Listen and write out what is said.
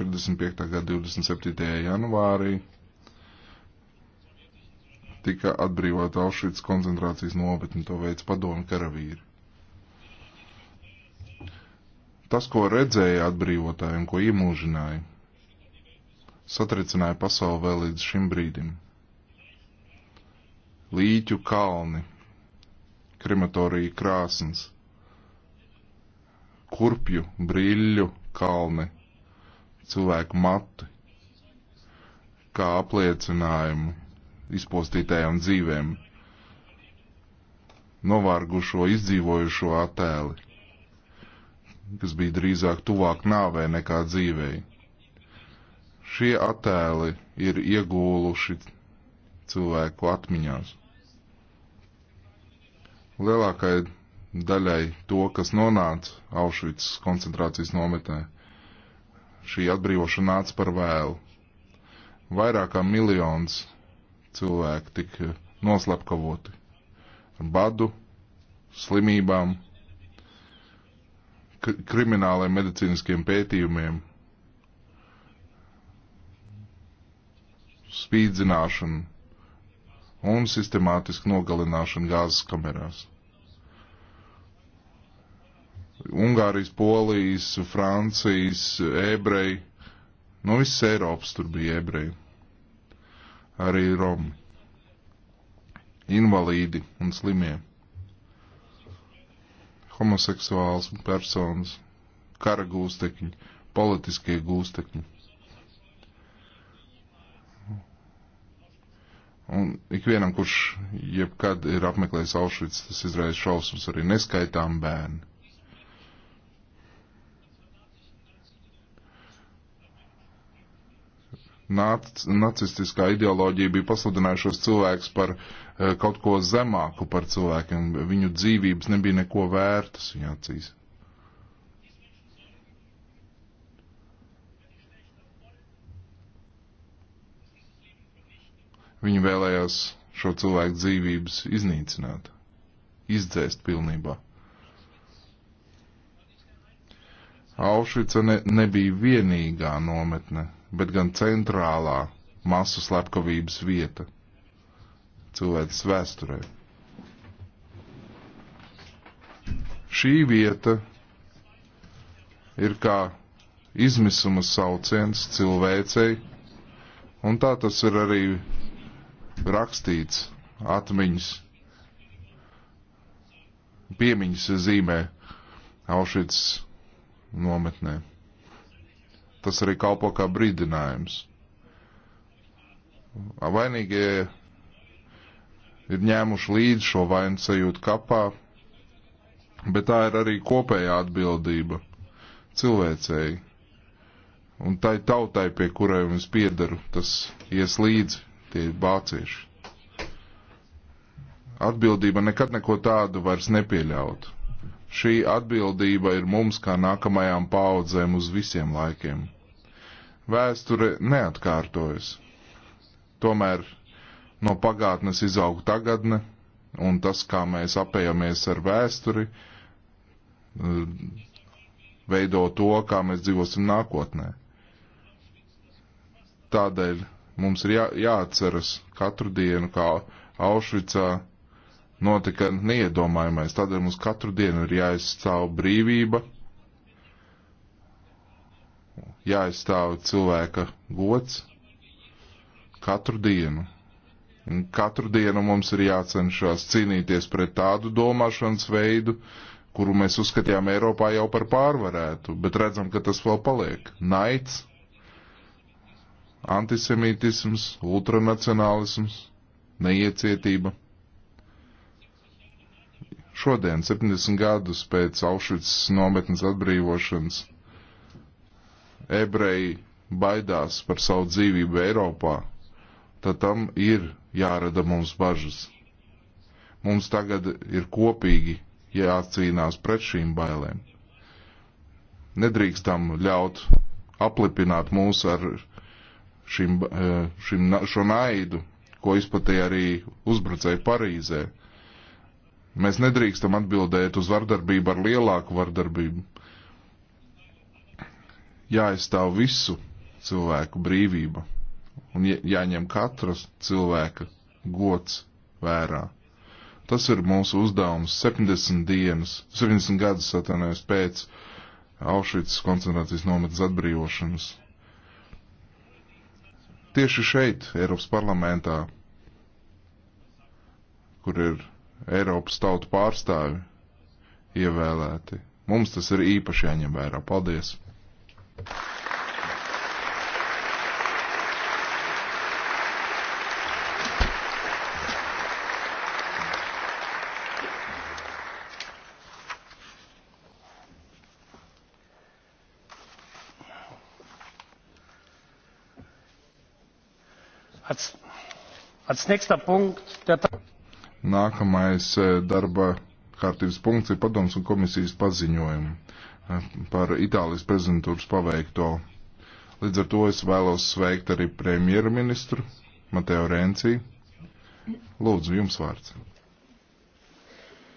45. gada 27. janvārī tika atbrīvota Aušvicas koncentrācijas nometne, to veids padomu karavīri. Tas, ko redzēja atbrīvotāji un ko iemūžināja, satricināja pasauli vēl līdz šim brīdim. Līķu kalni, krematorija krāsns, kurpju, brīļu kalni – cilvēku matu kā apliecinājumu izpostītajām dzīvēm, novārgušo, izdzīvojušo attēli, kas bija drīzāk tuvāk nāvē nekā dzīvēi. Šie attēli ir iegūluši cilvēku atmiņās. Lielākai daļai to, kas nonāca Aušvicas koncentrācijas nometnē, šī atbrīvošana nāca par vēlu. Vairāk kā miljons cilvēku tika noslepkavoti ar badu, slimībām, krimināliem medicīniskiem pētījumiem, spīdzināšanu un sistemātisku nogalināšanu gāzes kamerās. Ungārijas, Polijas, Francijas, ebreji, no nu, visas Eiropas tur bija ebreji, arī Romi, invalīdi un slimie, homoseksuāls personas, kara gūstekņi, politiskie gūstekņi. Un ikvienam, kurš jebkad ir apmeklējis Auschwitz, tas izraisa šausmas arī neskaitām bērni. nac, nacistiskā ideoloģija bija pasludinājušos cilvēkus par eh, kaut ko zemāku par cilvēkiem. Viņu dzīvības nebija neko vērtas viņa acīs. Viņi vēlējās šo cilvēku dzīvības iznīcināt, izdzēst pilnībā. Aušvica ne, nebija vienīgā nometne, bet gan centrālā masu slepkavības vieta cilvēces vēsturē. Šī vieta ir kā izmisuma sauciens cilvēcei, un tā tas ir arī rakstīts atmiņas, piemiņas zīmē Aušvicas nometnē. Tas arī kalpo kā brīdinājums. Vainīgie ir ņēmuši līdzi šo vainu sajūtu kapā, bet tā ir arī kopējā atbildība cilvēcēji. Un tai tautai, pie kurai es piedaru, tas ies līdzi tie bācieši. Atbildība nekad neko tādu vairs nepieļautu. Šī atbildība ir mums kā nākamajām paudzēm uz visiem laikiem. Vēsture neatkārtojas. Tomēr no pagātnes izaug tagadne, un tas, kā mēs apējamies ar vēsturi, veido to, kā mēs dzīvosim nākotnē. Tādēļ mums ir jā, jāatceras katru dienu, kā Aušvicā notika neiedomājamais. Tādēļ mums katru dienu ir jāizstāv brīvība, jāizstāv cilvēka gods katru dienu. Un katru dienu mums ir jācenšas cīnīties pret tādu domāšanas veidu, kuru mēs uzskatījām Eiropā jau par pārvarētu, bet redzam, ka tas vēl paliek. Naids, antisemītisms, ultranacionālisms, neiecietība. Šodien, 70 gadus pēc Aušvicas nometnes atbrīvošanas, ebreji baidās par savu dzīvību Eiropā, tad tam ir jārada mums bažas. Mums tagad ir kopīgi jācīnās pret šīm bailēm. Nedrīkstam ļaut aplipināt mūs ar šim, eh, šim, šo naidu, ko izplatīja arī uzbrucēji Parīzē. Mēs nedrīkstam atbildēt uz vardarbību ar lielāku vardarbību. Jāaizstāv visu cilvēku brīvība un jāņem katras cilvēka gods vērā. Tas ir mūsu uzdevums 70 dienas, 70 gadus atvainojas pēc Aušvicas koncentrācijas nometnes atbrīvošanas. Tieši šeit, Eiropas parlamentā, kur ir Eiropas tautu pārstāvi ievēlēti. Mums tas ir īpaši jāņem vērā. Paldies! als nächster punkt der Nākamais eh, darba kārtības punkts ir padoms un komisijas paziņojumi eh, par Itālijas prezidentūras paveikto. Līdz ar to es vēlos sveikt arī premjerministru Mateo Renci. Lūdzu, jums vārds.